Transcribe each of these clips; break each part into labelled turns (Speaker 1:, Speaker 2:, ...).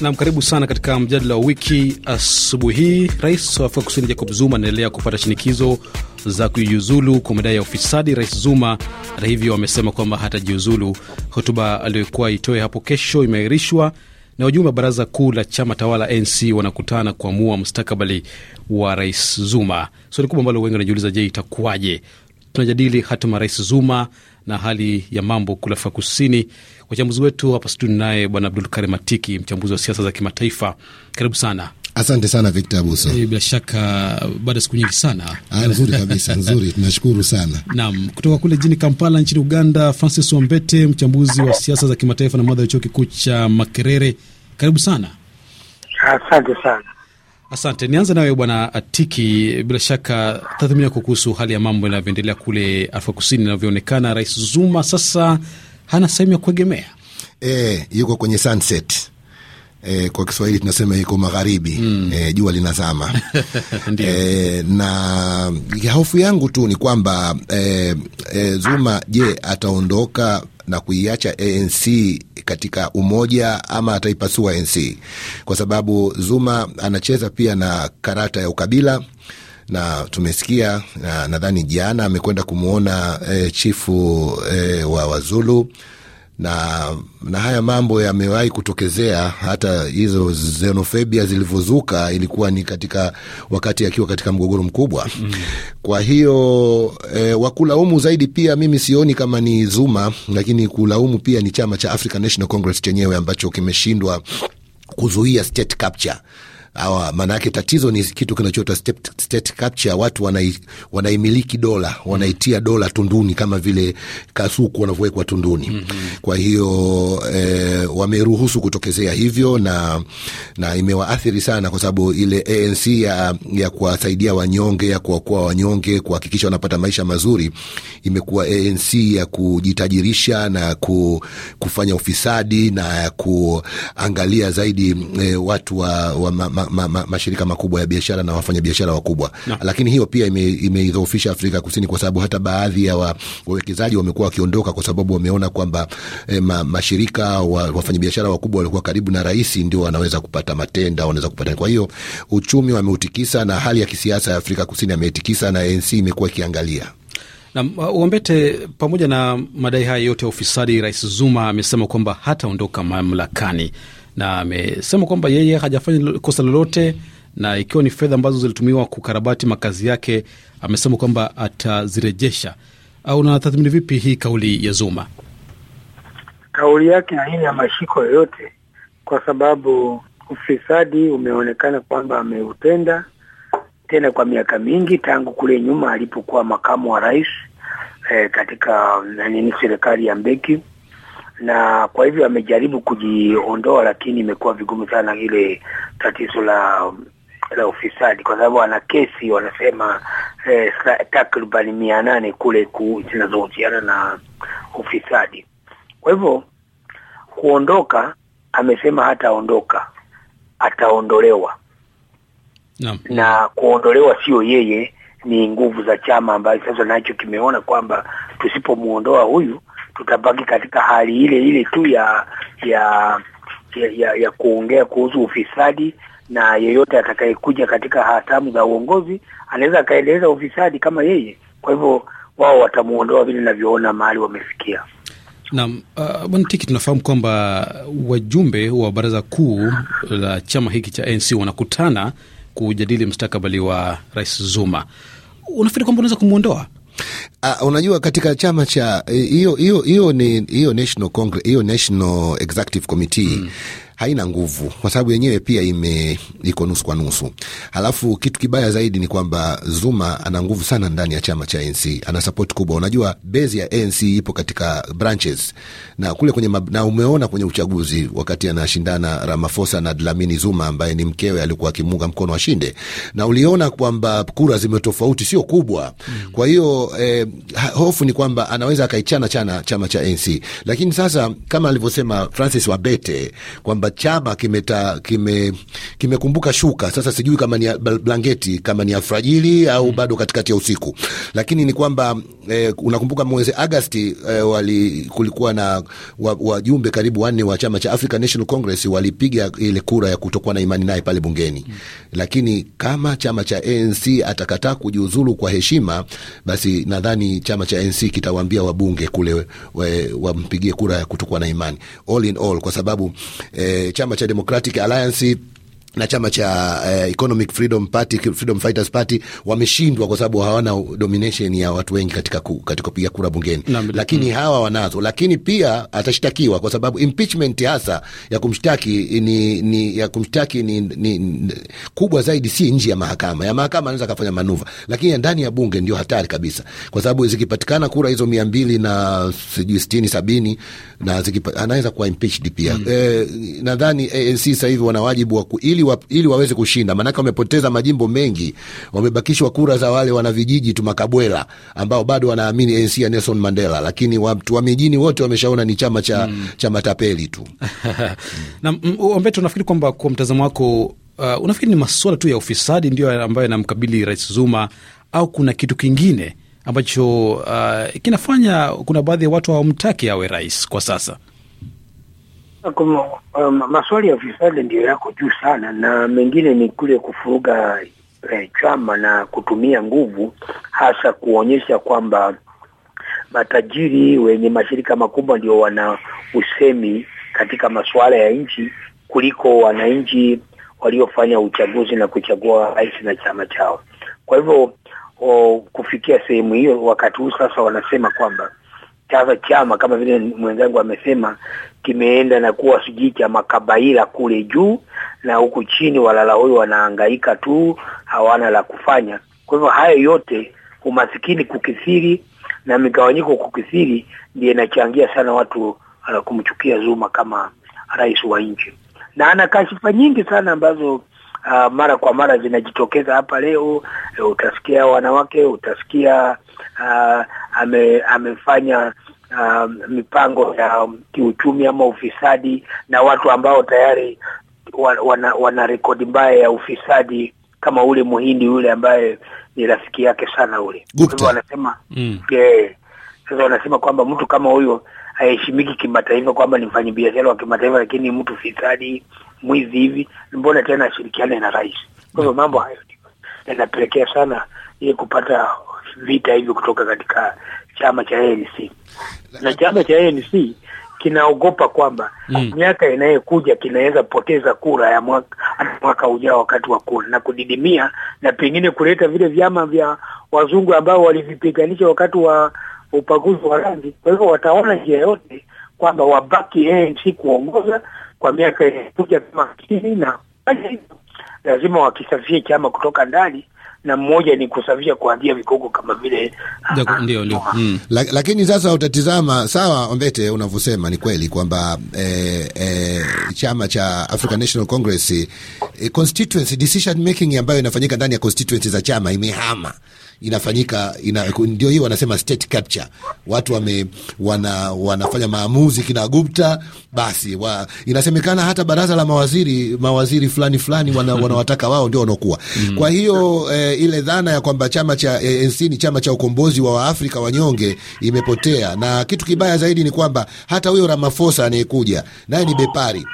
Speaker 1: Nam, karibu sana katika mjadala wa wiki asubuhi hii. Rais wa Afrika Kusini Jacob Zuma anaendelea kupata shinikizo za kujiuzulu kwa madai ya ufisadi. Rais Zuma hata hivyo amesema kwamba hatajiuzulu. Hotuba aliyokuwa itoe hapo kesho imeahirishwa na wajumbe wa baraza kuu la chama tawala NC wanakutana kuamua mustakabali wa rais Zuma. Swali so, kubwa ambalo wengi wanajiuliza, je, itakuwaje? tunajadili hatima Rais Zuma na hali ya mambo kule Afrika Kusini. Wachambuzi wetu hapa studioni, naye Bwana Abdul Karim Atiki, mchambuzi wa siasa za kimataifa. Karibu sana. Asante sana Victor Abuso. E, bila shaka baada ya siku nyingi sana. Ah, nzuri kabisa, nzuri. Tunashukuru sana. Naam, kutoka kule jijini Kampala nchini Uganda, Francis Wambete, mchambuzi wa siasa za kimataifa na mwadha wa chuo kikuu cha Makerere. Karibu sana.
Speaker 2: Asante sana.
Speaker 1: Asante, nianze nawe Bwana Atiki. Bila shaka tathmini yako kuhusu hali ya mambo inavyoendelea kule Afrika Kusini, inavyoonekana Rais Zuma sasa hana sehemu ya kuegemea. E, yuko kwenye sunset. E,
Speaker 3: kwa Kiswahili tunasema yuko magharibi mm. E, jua linazama e, na hofu yangu tu ni kwamba e, e, Zuma je, ataondoka na kuiacha ANC katika umoja ama ataipasua ANC, kwa sababu Zuma anacheza pia na karata ya ukabila na tumesikia nadhani na jana amekwenda kumwona e, eh, chifu e, wa Wazulu na, na haya mambo yamewahi kutokezea. Hata hizo xenofobia zilivyozuka ilikuwa ni katika wakati akiwa katika mgogoro mkubwa mm. Kwa hiyo e, wakulaumu zaidi pia mimi sioni kama ni Zuma, lakini kulaumu pia ni chama cha African National Congress chenyewe ambacho kimeshindwa kuzuia state capture hawa, maanake tatizo ni kitu kinachoitwa state capture. Watu wanai, wanaimiliki dola, wanaitia dola tunduni kama vile kasuku wanavyowekwa tunduni mm -hmm. Kwa hiyo e, wameruhusu kutokezea hivyo na, na imewaathiri sana, kwa sababu ile ANC ya, ya kuwasaidia wanyonge ya kuwakoa wanyonge kuhakikisha wanapata maisha mazuri imekuwa ANC ya kujitajirisha na ku, kufanya ufisadi na ya kuangalia zaidi e, watu wa, wa ma, ma, ma, ma, ma, mashirika makubwa ya biashara na wafanyabiashara wakubwa na. Lakini hiyo pia imeidhoofisha ime Afrika Kusini kwa sababu hata baadhi ya wa, wawekezaji wamekuwa wakiondoka kwa sababu wameona kwamba eh, ma, mashirika wa, wafanyabiashara wakubwa walikuwa karibu na rais ndio wanaweza kupata matenda, wanaweza kupata. Kwa hiyo uchumi wameutikisa na hali ya kisiasa ya Afrika Kusini ameitikisa na ANC imekuwa ikiangalia
Speaker 1: na uh, pamoja na madai haya yote ya ufisadi, Rais Zuma amesema kwamba hataondoka mamlakani na amesema kwamba yeye hajafanya kosa lolote, na ikiwa ni fedha ambazo zilitumiwa kukarabati makazi yake, amesema kwamba atazirejesha. Au unatathmini vipi hii kauli ya Zuma?
Speaker 2: Kauli yake haina mashiko yoyote, kwa sababu ufisadi umeonekana kwamba ameutenda tena kwa miaka mingi tangu kule nyuma alipokuwa makamu wa rais eh, katika nini serikali ya Mbeki, na kwa hivyo amejaribu kujiondoa, lakini imekuwa vigumu sana ile tatizo la la ufisadi, kwa sababu ana kesi wanasema eh, takriban mia nane kule zinazohusiana na ufisadi. Kwa hivyo kuondoka, amesema hataondoka, ataondolewa na, na kuondolewa sio yeye ni nguvu za chama ambayo sasa nacho kimeona kwamba tusipomuondoa huyu tutabaki katika hali ile ile tu ya ya ya, ya, ya kuongea kuhusu ufisadi na yeyote atakayekuja katika hatamu za uongozi anaweza akaendeleza ufisadi kama yeye. Kwa hivyo wao watamuondoa vile navyoona mahali wamefikia.
Speaker 1: nam uh, bwana Tiki, tunafahamu kwamba wajumbe wa baraza kuu la chama hiki cha nc wanakutana kujadili mstakabali wa Rais Zuma unafikiri kwamba unaweza kumwondoa?
Speaker 3: Uh, ah, unajua katika chama cha eh, hiyo hiyo hiyo ni hiyo National Congress, hiyo National Executive Committee mm haina nguvu, kwa sababu yenyewe pia ime iko nusu kwa nusu. Halafu kitu kibaya zaidi ni kwamba Zuma ana nguvu sana ndani ya chama cha ANC, ana sapoti kubwa. Unajua bezi ya ANC ipo katika branches na kule kwenye mab... na umeona kwenye uchaguzi wakati anashindana Ramaphosa na Dlamini Zuma ambaye ni mkewe alikuwa akimuunga mkono ashinde, na uliona kwamba kura zimetofauti sio kubwa. Mm. Kwa hiyo eh, hofu ni kwamba anaweza akaichana chana chama cha ANC, lakini sasa kama alivyosema Francis Wabete kwamba kwamba chama kimekumbuka kime, kime shuka sasa. Sijui kama ni blanketi kama ni afrajili au mm. bado katikati ya usiku, lakini ni kwamba eh, unakumbuka mwezi Agasti eh, wali kulikuwa na wajumbe wa karibu wanne wa chama cha African National Congress walipiga ile kura ya kutokuwa na imani naye pale bungeni mm. Lakini kama chama cha ANC atakataa kujiuzulu kwa heshima, basi nadhani chama cha ANC kitawaambia wabunge kule wampigie wa kura ya kutokuwa na imani all in all, kwa sababu eh, chama cha Democratic Alliance na chama cha uh, Economic Freedom Party, Freedom Fighters Party wameshindwa kwa sababu hawana domination ya watu wengi katika ku, katika kupiga kura bungeni na, lakini mm, hawa wanazo, lakini pia atashtakiwa kwa sababu impeachment hasa ya kumshtaki ni, ni ya kumshtaki ni, ni, ni kubwa zaidi, si nje ya mahakama. Ya mahakama anaweza kafanya manuva, lakini ya ndani ya bunge ndio hatari kabisa, kwa sababu zikipatikana kura hizo 200 na sijui 60 70 na zikipa, anaweza kuwa impeached pia mm. Eh, nadhani ANC eh, sasa hivi wana wajibu wa ili wa, ili waweze kushinda, maanake wamepoteza majimbo mengi, wamebakishwa kura za wale wana vijiji tu makabwela ambao bado wanaamini ANC ya Nelson Mandela, lakini watu wa mijini wote wameshaona ni chama cha, mm. cha matapeli
Speaker 1: tu na Ombeto, nafikiri kwamba kwa mtazamo wako uh, unafikiri ni masuala tu ya ufisadi ndio ambayo yanamkabili Rais Zuma au kuna kitu kingine ambacho uh, kinafanya kuna baadhi ya watu hawamtaki awe rais kwa sasa?
Speaker 2: Kuma, um, eh, maswali ya ufisadi ndiyo yako juu sana, na mengine ni kule kufuruga eh, chama na kutumia nguvu, hasa kuonyesha kwamba matajiri wenye mashirika makubwa ndio wana usemi katika masuala ya nchi kuliko wananchi waliofanya uchaguzi na kuchagua rais na chama chao. Kwa hivyo o, kufikia sehemu hiyo, wakati huu sasa wanasema kwamba chaza chama kama vile mwenzangu amesema kimeenda na kuwa sijui cha makabaila kule juu, na huku chini walala huyo wanahangaika tu, hawana la kufanya. Kwa hivyo hayo yote, umasikini kukithiri na migawanyiko kukithiri, ndiyo inachangia sana watu uh, kumchukia Zuma kama rais wa nchi, na ana kashifa nyingi sana ambazo Uh, mara kwa mara zinajitokeza hapa leo. Utasikia wanawake, utasikia uh, ame, amefanya uh, mipango ya kiuchumi ama ufisadi na watu ambao tayari wana, wana rekodi mbaya ya ufisadi kama ule muhindi yule ambaye ni rafiki yake sana ule wanasema mm. yeah. Sasa wanasema kwamba mtu kama huyo haheshimiki kimataifa, kwamba ni mfanyabiashara wa kimataifa, lakini mtu fisadi, mwizi hivi, mbona tena ashirikiane na rais? Kwa hivyo mambo hayo yanapelekea sana ili kupata vita hivyo kutoka katika chama cha ANC na chama cha ANC kinaogopa kwamba mm. miaka inayokuja kinaweza kupoteza kura ya mwaka, mwaka ujao wakati wa kura na kudidimia na pengine kuleta vile vyama vya wazungu ambao walivipiganisha wakati wa upaguzi wa rangi. Kwa hivyo wataona njia yote kwamba wabaki ANC kuongoza kwa miaka inayokuja kama hamsini na lazima wakisafishe chama kutoka ndani na mmoja ni kusafisha kuanzia vikoko kama vile ah,
Speaker 3: ndio ndio. Mm. Lakini sasa utatizama sawa, Ombete, unavyosema ni kweli kwamba eh, eh, chama cha African National Congress eh, constituency decision making ambayo inafanyika ndani ya constituency za chama
Speaker 2: imehama
Speaker 3: inafanyika ina, ndio hii wanasema state capture. Watu wame, wana, wanafanya maamuzi kina Gupta basi wa, inasemekana hata baraza la mawaziri mawaziri fulani fulani wana, wanawataka wao ndio wanaokuwa. Mm. Kwa hiyo e, ile dhana ya kwamba chama cha e, ni chama cha ukombozi wa Waafrika wanyonge imepotea, na kitu kibaya zaidi ni kwamba hata huyo Ramaphosa anayekuja naye ni bepari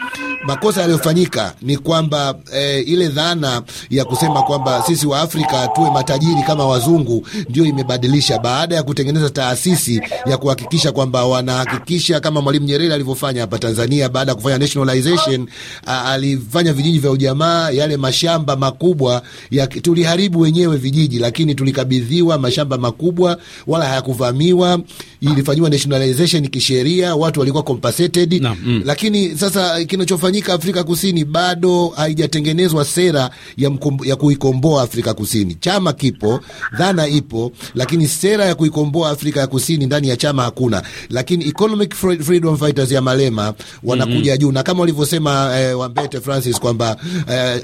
Speaker 3: makosa yaliyofanyika ni kwamba e, ile dhana ya kusema kwamba sisi wa Afrika tuwe matajiri kama wazungu ndio imebadilisha, baada ya kutengeneza taasisi ya kuhakikisha kwamba wanahakikisha kama Mwalimu Nyerere alivyofanya hapa Tanzania, baada ya kufanya nationalization, alifanya vijiji vya ujamaa, yale mashamba makubwa ya, tuliharibu wenyewe vijiji, lakini tulikabidhiwa mashamba makubwa, wala hayakuvamiwa. Ilifanywa nationalization kisheria, watu walikuwa compensated na, mm. Lakini sasa kinachofanyika kufanyika Afrika Kusini, bado haijatengenezwa sera ya, ya kuikomboa Afrika Kusini. Chama kipo, dhana ipo, lakini sera ya kuikomboa Afrika ya Kusini ndani ya chama hakuna. Lakini Economic Freedom Fighters ya Malema wanakuja mm -hmm. juu, na kama walivyosema eh, Wambete Francis kwamba eh,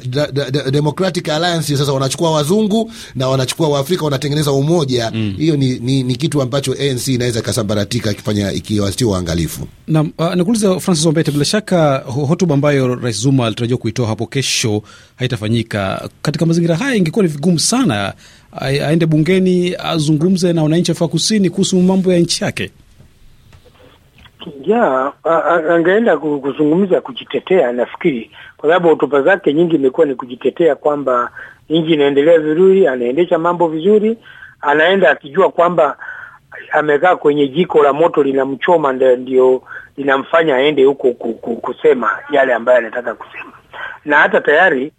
Speaker 3: Democratic Alliance sasa wanachukua wazungu na wanachukua Waafrika, wanatengeneza umoja mm. hiyo. Mm. Ni, ni, ni kitu ambacho ANC inaweza ikasambaratika ikifanya ikiwa sio
Speaker 1: waangalifu. Naam, uh, ah, nikuuliza Francis Wambete, bila shaka hotuba ambayo Rais Zuma alitarajiwa kuitoa hapo kesho haitafanyika. Katika mazingira haya, ingekuwa ni vigumu sana aende bungeni azungumze na wananchi wa Afrika Kusini kuhusu mambo ya nchi yake.
Speaker 2: Yeah, angeenda kuzungumza kujitetea, nafikiri kwa sababu hotuba zake nyingi imekuwa ni kujitetea kwamba nchi inaendelea vizuri, anaendesha mambo vizuri, anaenda akijua kwamba amekaa kwenye jiko la moto linamchoma, ndio linamfanya aende huko kusema yale ambayo anataka kusema, na hata tayari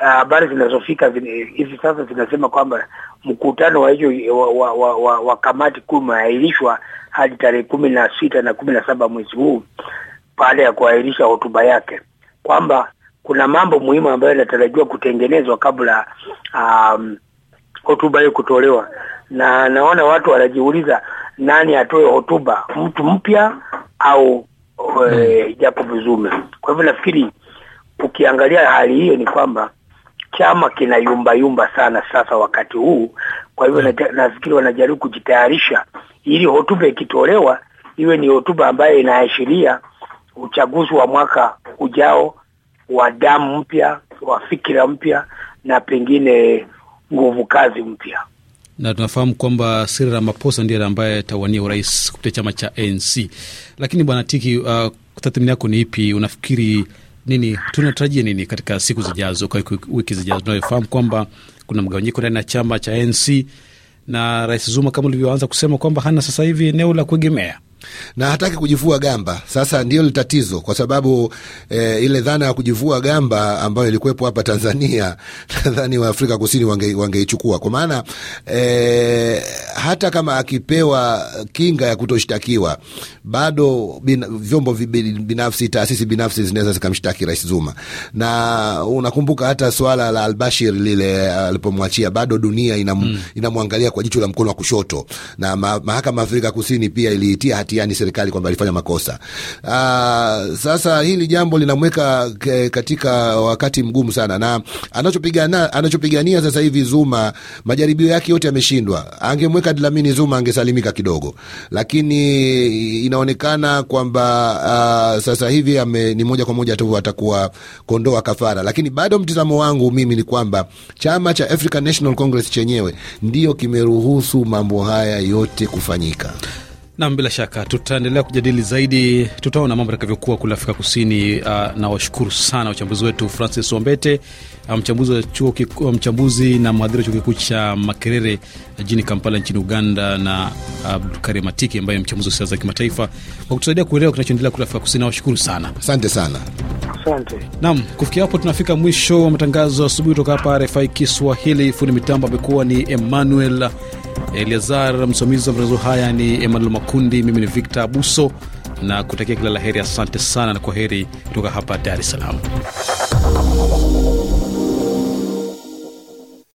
Speaker 2: ah, habari uh, zinazofika hivi sasa zinasema kwamba mkutano wa hiyo wa, wa, wa, wa, wa kamati kuu umeahirishwa hadi tarehe kumi na sita na kumi na saba mwezi huu baada ya kuahirisha hotuba yake, kwamba kuna mambo muhimu ambayo yanatarajiwa kutengenezwa kabla um, hotuba hiyo kutolewa, na naona watu wanajiuliza nani atoe hotuba, mtu mpya au e, eh, hmm. Jacob Zuma. Kwa hivyo nafikiri ukiangalia hali hiyo ni kwamba chama kina yumba yumba sana sasa wakati huu. Kwa hivyo hmm. nafikiri wanajaribu kujitayarisha ili hotuba ikitolewa iwe ni hotuba ambayo inaashiria uchaguzi wa mwaka ujao wa damu mpya, wa fikira mpya na pengine nguvu kazi mpya.
Speaker 1: Na tunafahamu kwamba Cyril Ramaphosa ndiye ambaye atawania urais kupitia chama cha ANC. Lakini bwana Tiki, uh, tathmini yako ni ipi? Unafikiri nini, tunatarajia nini katika siku zijazo, kwa wiki zijazo, tunayofahamu kwamba kuna mgawanyiko ndani ya chama cha ANC na Rais Zuma kama ulivyoanza kusema kwamba hana sasa hivi eneo la kuegemea na hataki kujivua
Speaker 3: gamba. Sasa ndio ile tatizo, kwa sababu e, ile dhana ya kujivua gamba ambayo ilikuwepo hapa Tanzania nadhani wa Afrika Kusini wange, wangeichukua kwa maana e, hata kama akipewa kinga ya kutoshtakiwa bado bin, vyombo binafsi, taasisi binafsi zinaweza zikamshtaki Rais Zuma, na unakumbuka hata swala la Albashir lile eh, alipomwachia, bado dunia inam, mm. inamwangalia kwa jicho la mkono wa kushoto, na ma, mahakama Afrika Kusini pia iliitia hati yani serikali kwamba alifanya makosa. Aa, ah, sasa hili jambo linamweka katika wakati mgumu sana, na anachopigana anachopigania sasa hivi Zuma, majaribio yake yote yameshindwa. Angemweka Dlamini Zuma angesalimika kidogo, lakini inaonekana kwamba ah, sasa hivi ame, ni moja kwa moja tu atakuwa kondoa kafara. Lakini bado mtizamo wangu mimi ni kwamba chama cha African National Congress chenyewe ndio kimeruhusu mambo haya yote kufanyika.
Speaker 1: Nam, bila shaka tutaendelea kujadili zaidi, tutaona mambo yatakavyokuwa kule Afrika Kusini. Uh, na washukuru sana wachambuzi wetu Francis Wambete, uh, mchambuzi wa chuo kikuu, uh, mchambuzi na mhadhiri wa chuo kikuu cha Makerere jijini uh, Kampala nchini Uganda, na Abdulkari Matiki ambaye ni mchambuzi wa siasa za kimataifa kwa kutusaidia kuelewa kinachoendelea kule Afrika Kusini. Nawashukuru sana, asante sana. Asante nam. Kufikia hapo, tunafika mwisho wa matangazo asubuhi kutoka hapa RFI Kiswahili. Fundi mitambo amekuwa ni Emmanuel Eliazar, msimamizi wa matangazo haya ni Emmanuel Makundi, mimi ni Victor Abuso na kutakia kila la heri. Asante sana na kwa heri kutoka hapa Dar es Salaam.